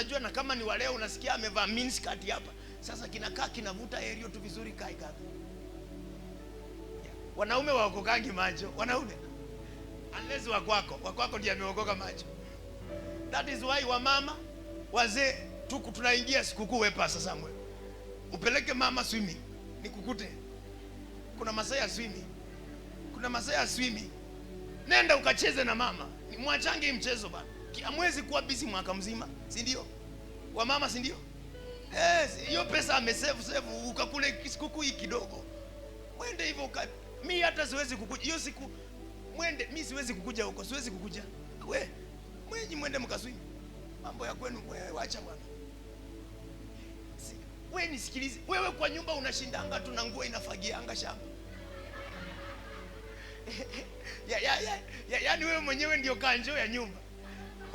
Unajua na kama ni waleo unasikia amevaa mini skirt hapa. Sasa kinakaa kinavuta aerial tu vizuri kai kaka. Yeah. Wanaume waokokangi macho. Wanaume. Unless wa kwako, wa kwako ndiye ameokoka macho. That is why wamama wazee tuku tunaingia sikukuu wepa sasa mwe. Upeleke mama swimming nikukute. Kuna masaa ya swimming. Kuna masaa ya swimming. Nenda ukacheze na mama. Ni mwachange mchezo bana hamwezi kuwa busy mwaka mzima, si ndio? mama, si ndio? Eh, hiyo yes, pesa amesave save, ukakule sikukuu kidogo, mwende hivyo. Mi hata siwezi kukuja hiyo siku, mwende. Mi siwezi kukuja huko, siwezi kukuja. We mwenyi, mwende mkaswimi, mambo ya kwenu wacha bwana. We nisikilize, wewe kwa nyumba unashindanga tu na nguo inafagianga shamba ya, ya, ya, ya, yaani wewe mwenyewe ndio kanjo ya nyumba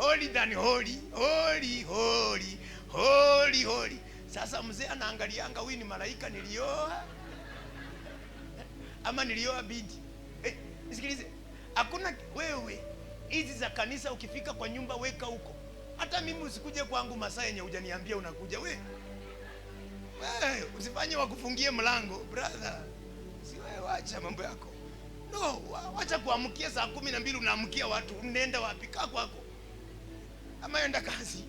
holy than holy, holy holy holy holy. Sasa mzee anaangalianga huyu ni malaika nilioa ama nilioa bidi. eh? Nisikilize, hakuna wewe hizi za kanisa, ukifika kwa nyumba weka huko. Hata mimi usikuje kwangu masaa yenye hujaniambia unakuja we. Hey, usifanye wakufungie mlango brother, si wewe, wacha mambo yako no, wacha kuamkia saa kumi na mbili unaamkia watu, unaenda wapi? Kaa kwako ama yenda kazi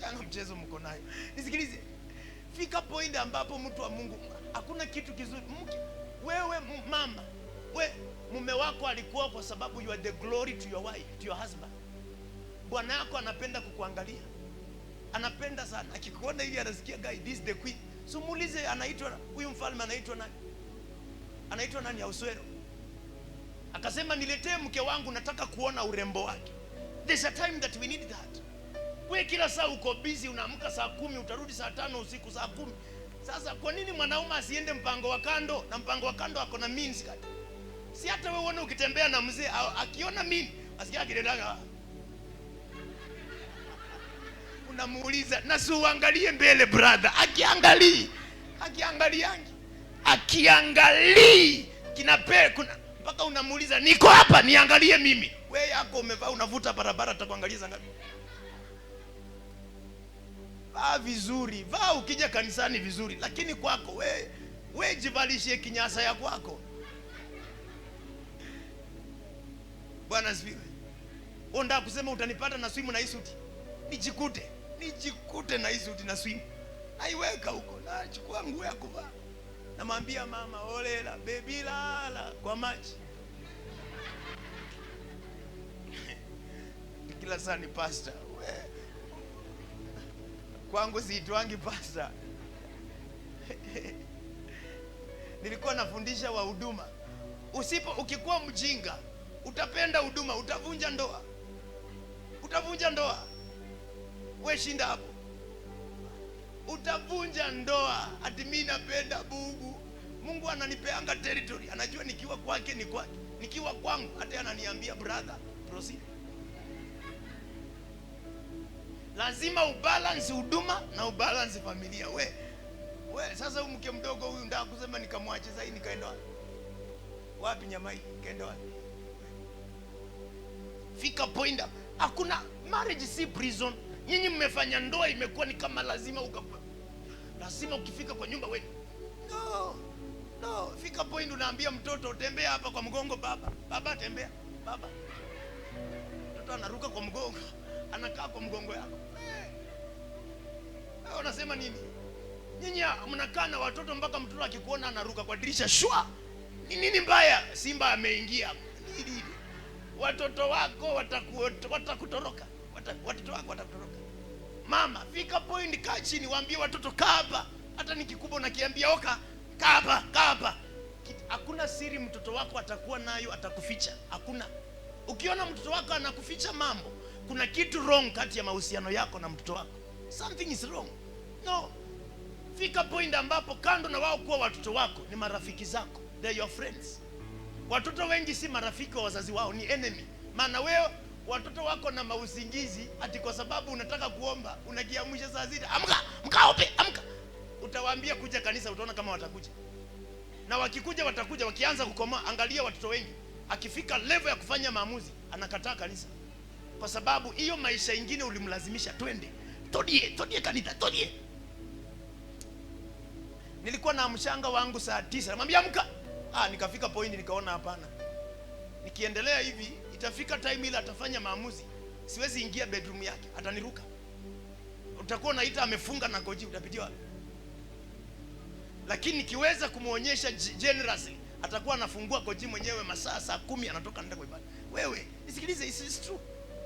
changa mchezo mko nayo. Nisikilize, fika point ambapo mtu wa Mungu, hakuna kitu kizuri mke wewe mama, we mume wako alikuwa kwa sababu you are the glory to your wife, to your husband. Bwana yako anapenda kukuangalia, anapenda sana. Akikuona hivi anasikia guy, this the queen. So muulize, anaitwa huyu mfalme anaitwa nani? Anaitwa nani? Ahasuero akasema niletee mke wangu, nataka kuona urembo wake. There's a time that we need that wewe kila saa uko busy, unaamka saa kumi utarudi saa tano usiku saa kumi. Sasa kwa nini mwanaume asiende mpango wa kando? Na mpango wa kando ako na means kati, si hata wewe uone ukitembea na mzee akiona mimi asikia kidendaga, unamuuliza na si uangalie mbele brother, akiangalii akiangaliangi akiangalii kinape kuna mpaka unamuuliza niko hapa niangalie mimi, Wewe yako umevaa unavuta barabara, takuangalia zangapi? vaa vizuri, vaa ukija kanisani vizuri, lakini kwako we, we jivalishie kinyasa ya kwako. Bwana asifiwe. Nda kusema utanipata na swimu na isuti, nijikute nijikute na isuti na swimu, naiweka huko, nachukua nguo ya kuvaa, namwambia mama, olela bebi, lala kwa maji kila saa ni pasta we kwangu siitwangi pasta nilikuwa nafundisha wa huduma. Usipo ukikuwa mjinga, utapenda huduma, utavunja ndoa, utavunja ndoa. We shinda hapo, utavunja ndoa. Ati mimi napenda Mungu, Mungu ananipeanga territory, anajua nikiwa kwake ni kwake, nikiwa kwangu hata ananiambia brother, proceed lazima ubalance huduma na ubalance familia. We we sasa, huyu mke mdogo huyu ndio kusema nikamwache sasa, nikaenda wapi? Wapi nyama hii kaenda wapi? Fika point hakuna marriage, si prison. Nyinyi mmefanya ndoa imekuwa ni kama lazima uka, lazima ukifika kwa nyumba wewe no no, fika point unaambia mtoto tembea hapa kwa mgongo baba, baba tembea baba, mtoto anaruka kwa mgongo anakaa kwa mgongo yako. Wewe unasema nini? Nyinyi mnakaa na watoto mpaka mtoto akikuona anaruka kwa dirisha shwa. Ni nini mbaya? Simba ameingia. Watoto wako watakutoroka, watoto wako watakutoroka. Mama, fika point, kaa chini, waambie watoto kaa hapa. Hata nikikubwa nakiambia oka, kaa hapa, kaa hapa. Hakuna siri mtoto wako atakuwa nayo, atakuficha. Hakuna. Ukiona mtoto wako anakuficha mambo kuna kitu wrong kati ya mahusiano yako na mtoto wako, something is wrong. No, fika point ambapo kando na wao kuwa watoto wako ni marafiki zako, they your friends. Watoto wengi si marafiki wa wazazi wao, ni enemy. Maana wewe watoto wako na mausingizi, ati kwa sababu unataka kuomba unakiamsha saa zile, amka mkaope, amka. Utawaambia kuja kanisa, utaona kama watakuja, na wakikuja watakuja. Wakianza kukomaa, angalia watoto wengi, akifika level ya kufanya maamuzi anakataa kanisa kwa sababu hiyo maisha ingine ulimlazimisha twende, todie todie kanisa todie. Nilikuwa na mshanga wangu saa tisa, namwambia amka. Ah, nikafika point nikaona hapana, nikiendelea hivi itafika time ile atafanya maamuzi, siwezi ingia bedroom yake, ataniruka. Utakuwa unaita amefunga na goji, utapitiwa. Lakini nikiweza kumwonyesha generously atakuwa anafungua goji mwenyewe masaa saa kumi, anatoka kwa ibada. Wewe nisikilize, it's true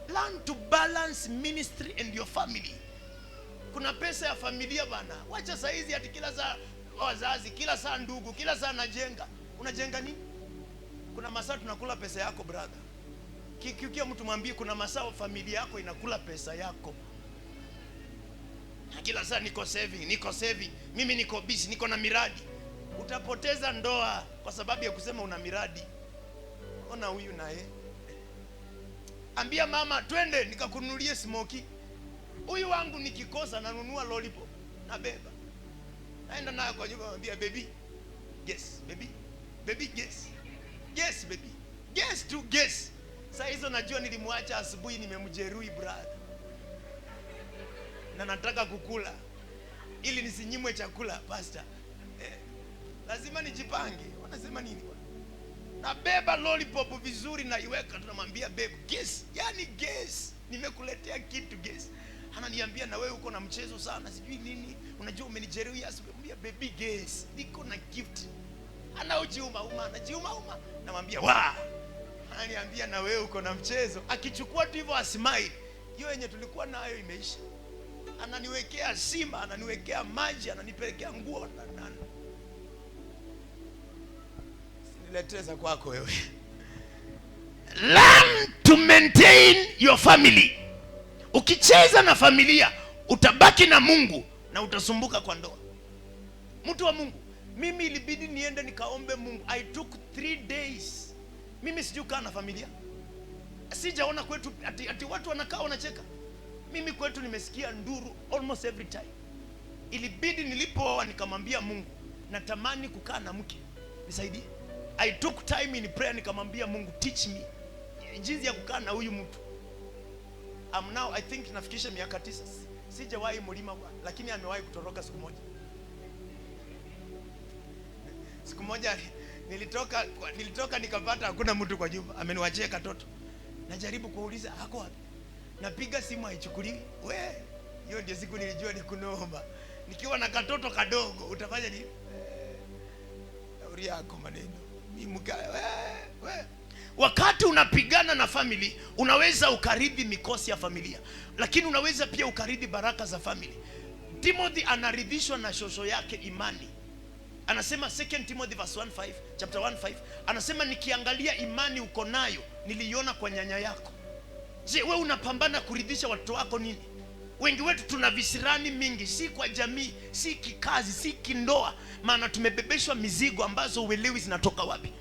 plan to balance ministry and your family. Kuna pesa ya familia bana, wacha saizi ati kila saa wazazi, kila saa ndugu, kila saa najenga. Unajenga nini? Kuna masaa tunakula pesa yako brother. Kikiukia mtu mwambie, kuna masaa familia yako inakula pesa yako na kila saa niko saving, niko saving, mimi niko busy, niko na miradi. Utapoteza ndoa kwa sababu ya kusema una miradi. Ona huyu naye ambia mama, twende nikakununulie smoki. Huyu wangu nikikosa nanunua lollipop, nabeba naenda nayo kwa nyumba, ambia baby yes baby baby yes yes baby yes to yes Saa hizo najua nilimwacha asubuhi, nimemjeruhi brother, na nataka kukula ili nisinyimwe chakula pastor Eh, lazima nijipange. Wanasema nini? nabeba lollipop vizuri naiweka, tunamwambia babe guess, yani guess, nimekuletea kitu guess. Ananiambia na wewe uko na mchezo sana, sijui nini, unajua umenijeruhi asubuhi. baby guess, niko na gift. Anaojiuma uma, anajiuma uma, namwambia wa, ananiambia na wewe uko na mchezo. Akichukua tu hivyo asimai, hiyo yenye tulikuwa nayo imeisha. Ananiwekea sima, ananiwekea maji, ananipelekea nguo na, nani nileteza kwako wewe. Learn to maintain your family. Ukicheza na familia utabaki na Mungu na utasumbuka kwa ndoa. Mtu wa Mungu, mimi ilibidi niende nikaombe Mungu. I took three days. Mimi sijui na familia, sijaona kwetu ati, ati watu wanakaa wanacheka. Mimi kwetu nimesikia nduru almost every time. Ilibidi nilipooa nikamwambia Mungu, natamani kukaa na mke nisaidie. I took time in prayer nikamwambia Mungu teach me jinsi ya kukaa na huyu mtu. I'm now I think nafikisha miaka tisa, sijawahi mlima, lakini amewahi kutoroka siku moja. Siku moja nilitoka nilitoka nikapata hakuna mtu kwa jumba, ameniwachia katoto. Najaribu kuuliza hako wapi, napiga simu haichukuliwi. We, hiyo ndio siku nilijua ni kunomba, nikiwa na katoto kadogo utafanya nini? yako maneno Wakati unapigana na famili unaweza ukaridhi mikosi ya familia, lakini unaweza pia ukaridhi baraka za famili Timothy anaridhishwa na shosho yake imani. Anasema 2 Timothy verse 1:5, chapter 1:5, anasema nikiangalia imani uko nayo niliiona kwa nyanya yako. Je, we unapambana kuridhisha watoto wako nini? Wengi wetu tuna visirani mingi, si kwa jamii, si kikazi, si kindoa, maana tumebebeshwa mizigo ambazo uelewi zinatoka wapi.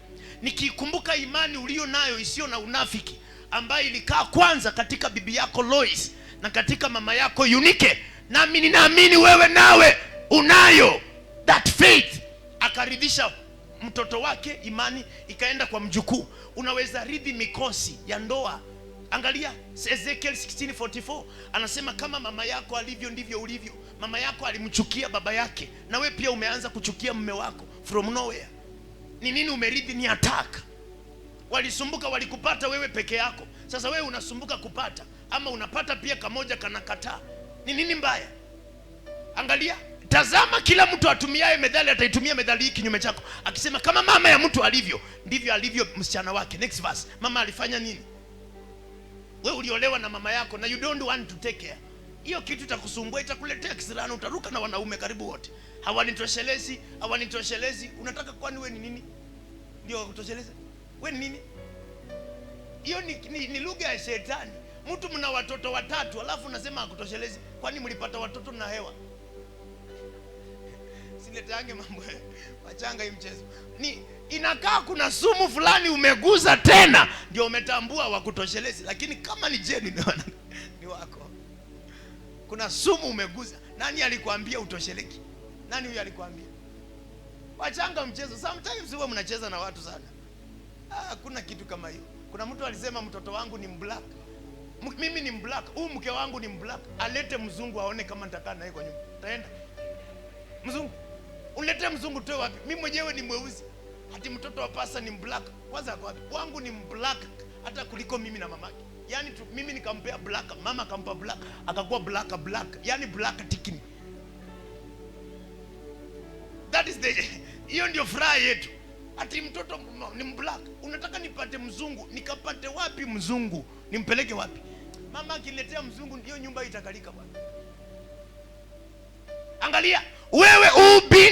Nikikumbuka imani uliyo nayo isiyo na unafiki ambayo ilikaa kwanza katika bibi yako Lois na katika mama yako Eunike, nami ninaamini wewe nawe unayo that faith. Akaridhisha mtoto wake imani, ikaenda kwa mjukuu. Unaweza ridhi mikosi ya ndoa Angalia Ezekiel 16:44 anasema, kama mama yako alivyo ndivyo ulivyo. Mama yako alimchukia baba yake, na we pia umeanza kuchukia mme wako from nowhere. Ni nini umeridhi Ni ataka walisumbuka, walikupata wewe peke yako. Sasa wewe unasumbuka kupata, ama unapata pia kamoja kanakataa. Ni nini mbaya? Angalia, tazama, kila mtu atumiaye medhali ataitumia medhali hii kinyume chako, akisema, kama mama ya mtu alivyo ndivyo alivyo msichana wake. Next verse, mama alifanya nini? we uliolewa na mama yako na you don't want to take care, hiyo kitu itakusumbua, itakuletea kisirani, utaruka na wanaume karibu wote. Hawanitoshelezi, hawanitoshelezi. Unataka kwani we ni nini? Ndio wakutosheleze we ni nini? Hiyo ni, ni, ni lugha ya shetani. Mtu mna watoto watatu alafu unasema akutoshelezi. Kwani mlipata watoto na hewa? Siletange mambo wachanga hii mchezo ni inakaa kuna sumu fulani umeguza tena ndio umetambua wakutoshelezi, lakini kama ni jeni ni wako. Kuna sumu umeguza. Nani alikwambia utosheleki? Nani huyo alikwambia? Wachanga mchezo, sometimes huwa mnacheza na watu sana. Ah, kuna kitu kama hiyo. Kuna mtu alisema mtoto wangu ni mblack, mimi ni mblack, huyu mke wangu ni mblack, alete mzungu aone kama nitakaa naye kwa nyumba. Taenda mzungu, ulete mzungu toe wapi? Mimi mwenyewe ni mweusi ati mtoto wa pasa ni black. Kwanza ako wapi? Wangu ni black hata kuliko mimi na mamake. Yaani tu, mimi nikampea black, mama akampa black, akakuwa black black. Yaani black tikini. That is the hiyo ndio furaha yetu. Ati mtoto ni black. Unataka nipate mzungu, nikapate wapi mzungu? Nimpeleke wapi? Mama akiniletea mzungu ndio nyumba itakalika bwana. Angalia, wewe ubi